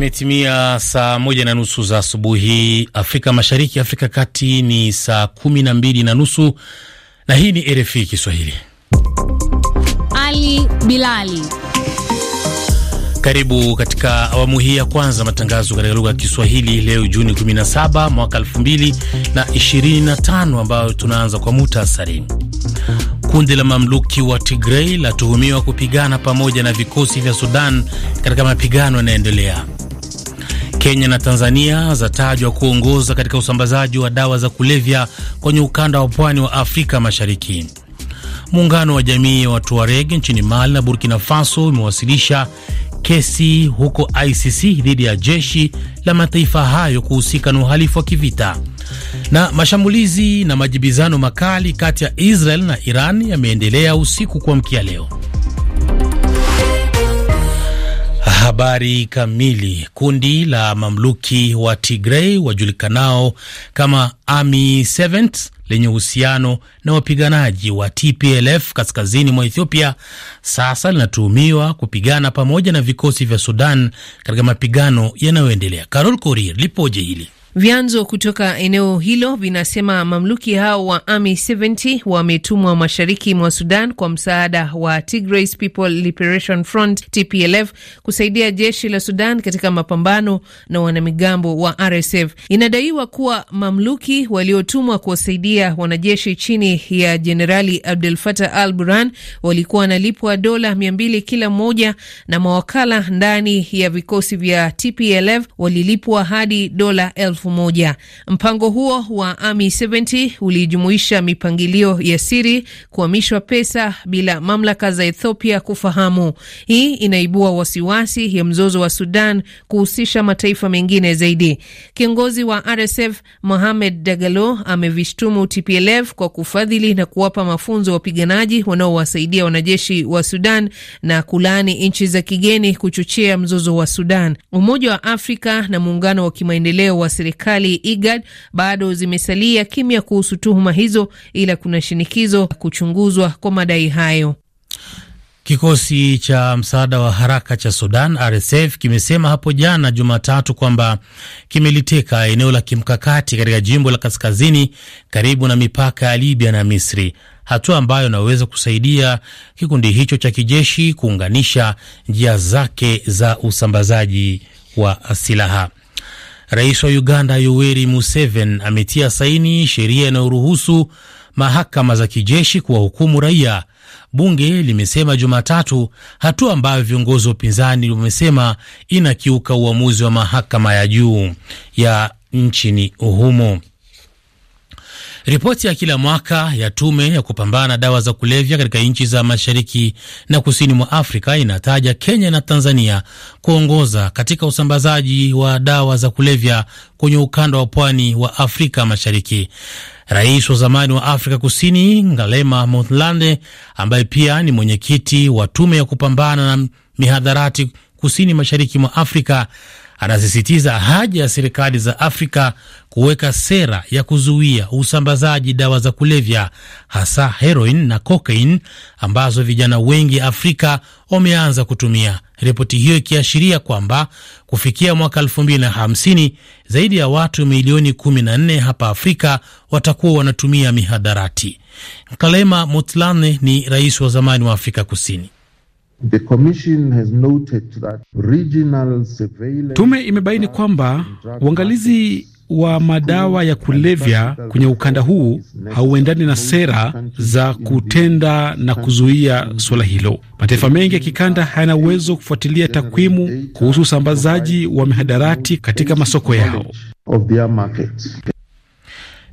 Imetimia saa moja na nusu za asubuhi Afrika Mashariki, Afrika Kati ni saa kumi na mbili na nusu na hii ni RFI Kiswahili. Ali Bilali, karibu katika awamu hii ya kwanza matangazo katika lugha ya Kiswahili leo Juni 17 mwaka 2025, ambayo tunaanza kwa muhtasari. Kundi la mamluki wa Tigrei latuhumiwa kupigana pamoja na vikosi vya Sudan katika mapigano yanayoendelea. Kenya na Tanzania zatajwa kuongoza katika usambazaji wa dawa za kulevya kwenye ukanda wa pwani wa Afrika Mashariki. Muungano wa jamii ya Watuareg nchini Mali na Burkina Faso umewasilisha kesi huko ICC dhidi ya jeshi la mataifa hayo kuhusika na uhalifu wa kivita. Na mashambulizi na majibizano makali kati ya Israel na Iran yameendelea usiku kuamkia leo. Habari kamili. Kundi la mamluki wa tigrei wajulikanao kama Army Seventh lenye uhusiano na wapiganaji wa TPLF kaskazini mwa Ethiopia sasa linatuhumiwa kupigana pamoja na vikosi vya Sudan katika mapigano yanayoendelea. Carol Korir lipoje hili Vyanzo kutoka eneo hilo vinasema mamluki hao wa Army 70 wametumwa mashariki mwa Sudan kwa msaada wa Tigray People Liberation Front TPLF kusaidia jeshi la Sudan katika mapambano na wanamigambo wa RSF. Inadaiwa kuwa mamluki waliotumwa kuwasaidia wanajeshi chini ya Jenerali Abdel Fattah al-Burhan walikuwa wanalipwa dola 200 kila mmoja, na mawakala ndani ya vikosi vya TPLF walilipwa hadi dola elfu elfu moja. Mpango huo wa AMI 70 ulijumuisha mipangilio ya siri, kuhamishwa pesa bila mamlaka za Ethiopia kufahamu. Hii inaibua wasiwasi ya mzozo wa Sudan kuhusisha mataifa mengine zaidi. Kiongozi wa RSF Mohamed Dagalo amevishtumu TPLF kwa kufadhili na kuwapa mafunzo wapiganaji wanaowasaidia wanajeshi wa Sudan na kulaani nchi za kigeni kuchochea mzozo wa Sudan. Umoja wa Afrika na muungano wa kimaendeleo wa serikali serikali IGAD bado zimesalia kimya kuhusu tuhuma hizo, ila kuna shinikizo kuchunguzwa kwa madai hayo. Kikosi cha msaada wa haraka cha Sudan RSF kimesema hapo jana Jumatatu kwamba kimeliteka eneo la kimkakati katika jimbo la kaskazini karibu na mipaka ya Libya na Misri, hatua ambayo inaweza kusaidia kikundi hicho cha kijeshi kuunganisha njia zake za usambazaji wa silaha. Rais wa Uganda Yoweri Museveni ametia saini sheria inayoruhusu mahakama za kijeshi kuwahukumu raia, bunge limesema Jumatatu, hatua ambayo viongozi wa upinzani wamesema inakiuka uamuzi wa mahakama ya juu ya nchini humo. Ripoti ya kila mwaka ya tume ya kupambana na dawa za kulevya katika nchi za mashariki na kusini mwa Afrika inataja Kenya na Tanzania kuongoza katika usambazaji wa dawa za kulevya kwenye ukanda wa pwani wa Afrika Mashariki. Rais wa zamani wa Afrika Kusini Ngalema Motlande, ambaye pia ni mwenyekiti wa tume ya kupambana na mihadharati kusini mashariki mwa Afrika anasisitiza haja ya serikali za Afrika kuweka sera ya kuzuia usambazaji dawa za kulevya hasa heroin na cocaine ambazo vijana wengi Afrika wameanza kutumia, ripoti hiyo ikiashiria kwamba kufikia mwaka 2050 zaidi ya watu milioni 14 hapa Afrika watakuwa wanatumia mihadarati. Kalema Mutlane ni rais wa zamani wa Afrika Kusini. Tume imebaini kwamba uangalizi wa madawa ya kulevya kwenye ukanda huu hauendani na sera za kutenda na kuzuia suala hilo. Mataifa mengi ya kikanda hayana uwezo kufuatilia takwimu kuhusu usambazaji wa mihadarati katika masoko yao.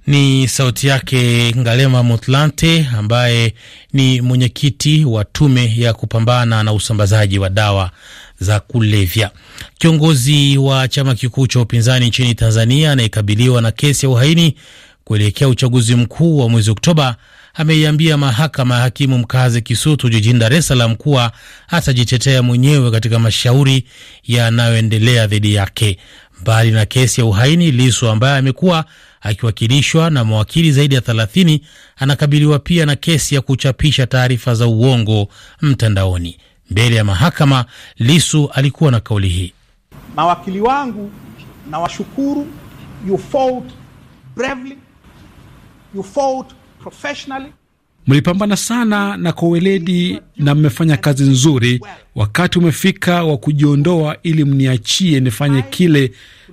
Ni sauti yake Ngalema Motlante, ambaye ni mwenyekiti wa tume ya kupambana na usambazaji wa dawa za kulevya. Kiongozi wa chama kikuu cha upinzani nchini Tanzania anayekabiliwa na kesi ya uhaini kuelekea uchaguzi mkuu wa mwezi Oktoba ameiambia mahakama ya hakimu mkazi Kisutu jijini Dar es Salaam kuwa atajitetea mwenyewe katika mashauri yanayoendelea dhidi yake. Mbali na kesi ya uhaini, Lisu ambaye amekuwa akiwakilishwa na mawakili zaidi ya 30 anakabiliwa pia na kesi ya kuchapisha taarifa za uongo mtandaoni. Mbele ya mahakama, Lisu alikuwa na kauli hii: mawakili wangu nawashukuru, you fought bravely, you fought professionally Mlipambana sana na kwa weledi na mmefanya kazi nzuri. Wakati umefika wa kujiondoa, ili mniachie nifanye kile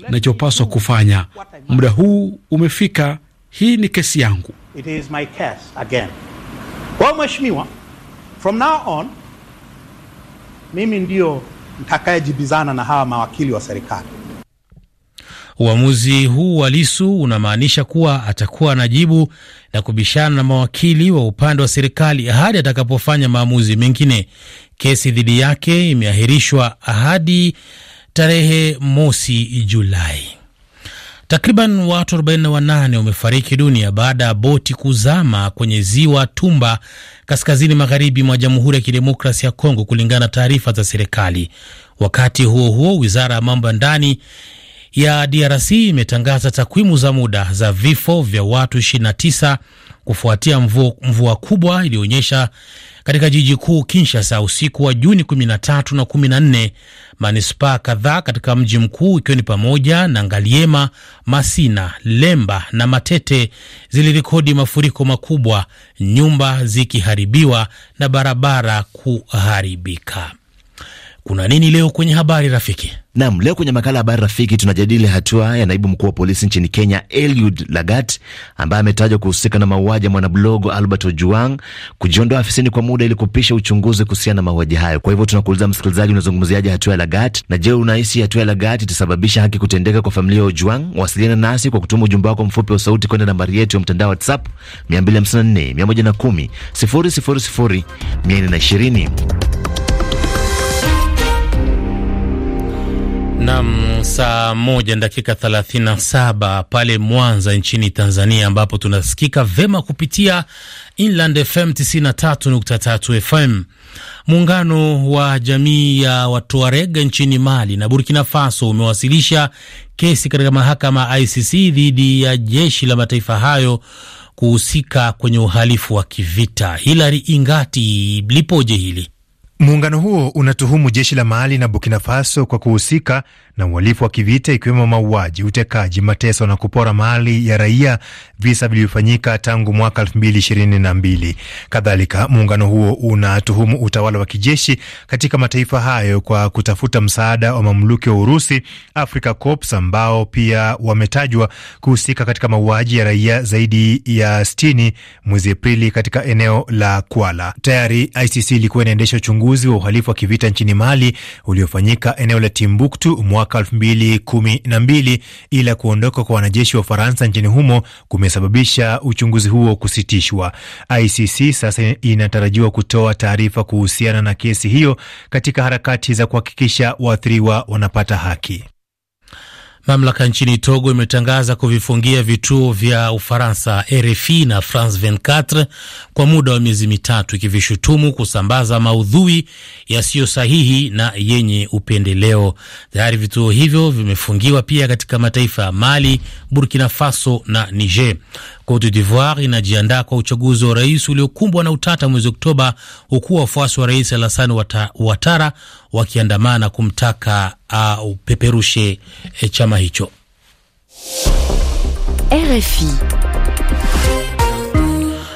nachopaswa kufanya. Muda huu umefika, hii ni kesi yangu. It is my case again. Kwa mheshimiwa, from now on mimi ndio nitakayejibizana na hawa mawakili wa serikali. Uamuzi huu wa Lisu unamaanisha kuwa atakuwa anajibu na kubishana na mawakili wa upande wa serikali hadi atakapofanya maamuzi mengine. Kesi dhidi yake imeahirishwa hadi tarehe mosi Julai. Takriban watu 48 wamefariki dunia baada ya boti kuzama kwenye ziwa Tumba kaskazini magharibi mwa Jamhuri ya Kidemokrasia ya Kongo, kulingana na taarifa za serikali. Wakati huo huo, wizara ya mambo ya ndani ya DRC imetangaza takwimu za muda za vifo vya watu 29 kufuatia mvua, mvua kubwa iliyoonyesha katika jiji kuu Kinshasa usiku wa Juni 13 na 14. Manispaa kadhaa katika mji mkuu ikiwa ni pamoja na Ngaliema, Masina, Lemba na Matete zilirekodi mafuriko makubwa, nyumba zikiharibiwa na barabara kuharibika. Kuna nini leo kwenye habari rafiki? Nam, leo kwenye makala habari rafiki tunajadili hatua ya naibu mkuu wa polisi nchini Kenya Eliud Lagat ambaye ametajwa kuhusika na mauaji ya mwanablogo Albert Ojuang kujiondoa afisini kwa muda ili kupisha uchunguzi kuhusiana na mauaji hayo. Kwa hivyo tunakuuliza msikilizaji, unazungumziaje hatua ya Lagat na je, unahisi hatua ya Lagat itasababisha haki kutendeka kwa familia ya Ojuang? Wasiliana nasi kwa kutuma ujumbe wako mfupi wa sauti kwenda nambari yetu ya mtandao WhatsApp 254 110 000 420. Nam, saa moja na dakika thelathini na saba pale Mwanza nchini Tanzania, ambapo tunasikika vema kupitia Inland FM 93.3 FM. Muungano wa jamii ya Watuarega nchini Mali na Burkina Faso umewasilisha kesi katika mahakama ICC dhidi ya jeshi la mataifa hayo kuhusika kwenye uhalifu wa kivita. Hilary Ingati, lipoje hili? Muungano huo unatuhumu jeshi la Mali na Burkina Faso kwa kuhusika na uhalifu wa kivita ikiwemo mauaji, utekaji, mateso na kupora mali ya raia, visa vilivyofanyika tangu mwaka 2022. Kadhalika, muungano huo unatuhumu utawala wa kijeshi katika mataifa hayo kwa kutafuta msaada wa mamluki wa Urusi, Africa Corps, ambao pia wametajwa kuhusika katika mauaji ya raia zaidi ya 60 mwezi Aprili katika eneo la Kwala. Tayari ICC ilikuwa inaendesha uchunguzi uchunguzi wa uhalifu wa kivita nchini Mali uliofanyika eneo la Timbuktu mwaka 2012 ila kuondoka kwa wanajeshi wa Ufaransa nchini humo kumesababisha uchunguzi huo kusitishwa. ICC sasa inatarajiwa kutoa taarifa kuhusiana na kesi hiyo katika harakati za kuhakikisha waathiriwa wanapata haki. Mamlaka nchini Togo imetangaza kuvifungia vituo vya Ufaransa RFI na France 24 kwa muda wa miezi mitatu, ikivishutumu kusambaza maudhui yasiyo sahihi na yenye upendeleo. Tayari vituo hivyo vimefungiwa pia katika mataifa ya Mali, Burkina Faso na Niger. Cote d'Ivoire inajiandaa kwa uchaguzi wa rais uliokumbwa na utata mwezi Oktoba, huku wafuasi wa rais Alassane Ouattara wakiandamana kumtaka aupeperushe uh, e, chama hicho. RFI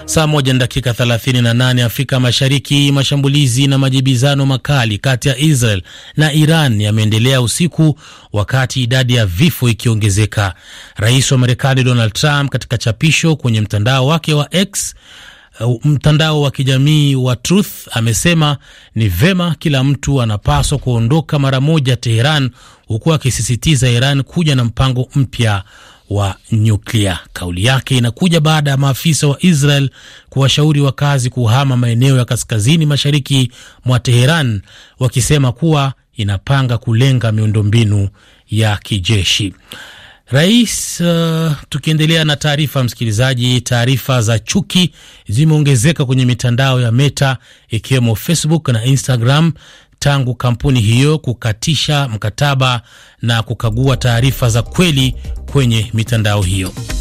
Saa moja na dakika 38 Afrika Mashariki. Mashambulizi na majibizano makali kati ya Israel na Iran yameendelea usiku, wakati idadi ya vifo ikiongezeka. Rais wa Marekani Donald Trump katika chapisho kwenye mtandao wake wa X uh, mtandao wa kijamii wa Truth amesema ni vema kila mtu anapaswa kuondoka mara moja Teheran, huku akisisitiza Iran kuja na mpango mpya wa nyuklia. Kauli yake inakuja baada ya maafisa wa Israel kuwashauri wakazi kuhama maeneo ya kaskazini mashariki mwa Teheran, wakisema kuwa inapanga kulenga miundombinu ya kijeshi. Rais uh, tukiendelea na taarifa msikilizaji, taarifa za chuki zimeongezeka kwenye mitandao ya Meta ikiwemo Facebook na Instagram tangu kampuni hiyo kukatisha mkataba na kukagua taarifa za kweli kwenye mitandao hiyo.